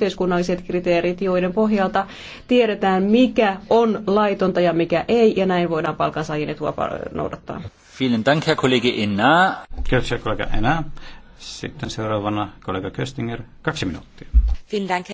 yhteiskunnalliset kriteerit, joiden pohjalta tiedetään, mikä on laitonta ja mikä ei, ja näin voidaan palkansaajien etua noudattaa. Vielen dank, herr Kollege Enna. Kiitos, kollega Enna. Sitten seuraavana kollega Köstinger, kaksi minuuttia. Vielen dank.